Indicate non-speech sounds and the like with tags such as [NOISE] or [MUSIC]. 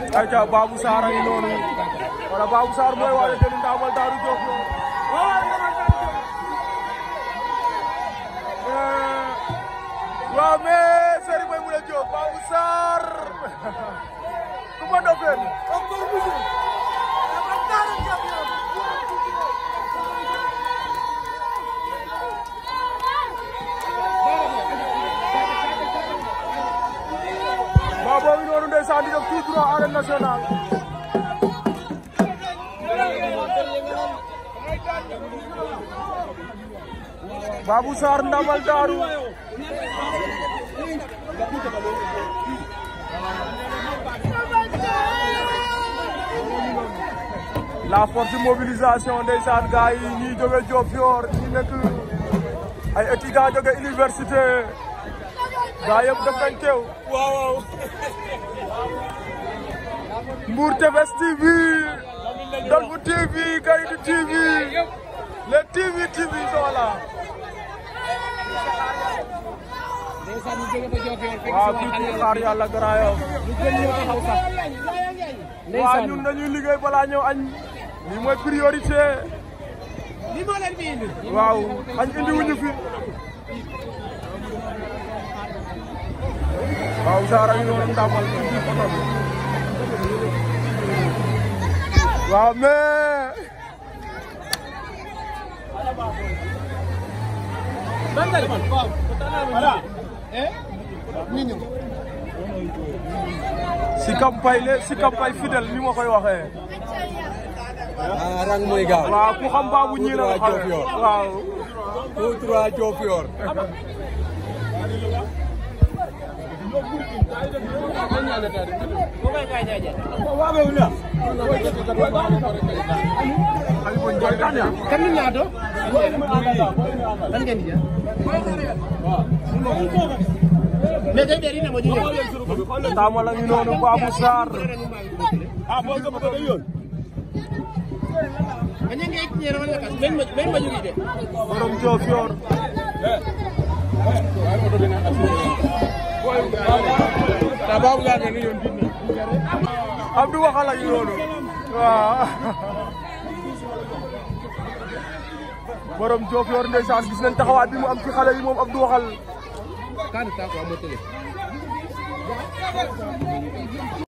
ayca Babou Sarr ay noonu wala Babou Sarr mooy waale jëli ndaamal Daaru Jóob waaw mais Serigne Mbaye mu la Jóob Babou [LAUGHS] ku ma dofeen ndeysaan di def tout droit arène nationale Babou Sarr ndamal la force de mobilisation ndeysaan gars yi ñi jóge Diofior ñi ay étudiants jóge université gars yëpp def Mbour Tefess TV Dolfu TV Gaïndou TV les TV TV sont là waaw kii ci xaar yàlla Grand Yoff ñun dañuy liggéey balaa ñëw añ lii mooy priorité waaw añ indi wuñu fi waaw Zahra ñu doon tàmbal waaw mais. si campagne la si ni ma koy waxee. ah rang mooy gaaw. waaw ku xam baabu ñii la xamee waaw. Tout droit [LAUGHS] kamina do tan ngeen di me kay dari na mo jige tama lang yun noonu Babou Sarr ah bo ko ko yon kanya ngay ñeero la kas ben ben ma jogi de borom Diofior eh Babou Diagne nu yoon dina Abdou waxal ak loolu waaw borom Diofior ndeysaan gis nañ taxawaat bi mu am ci xale yi moom Abdou waxal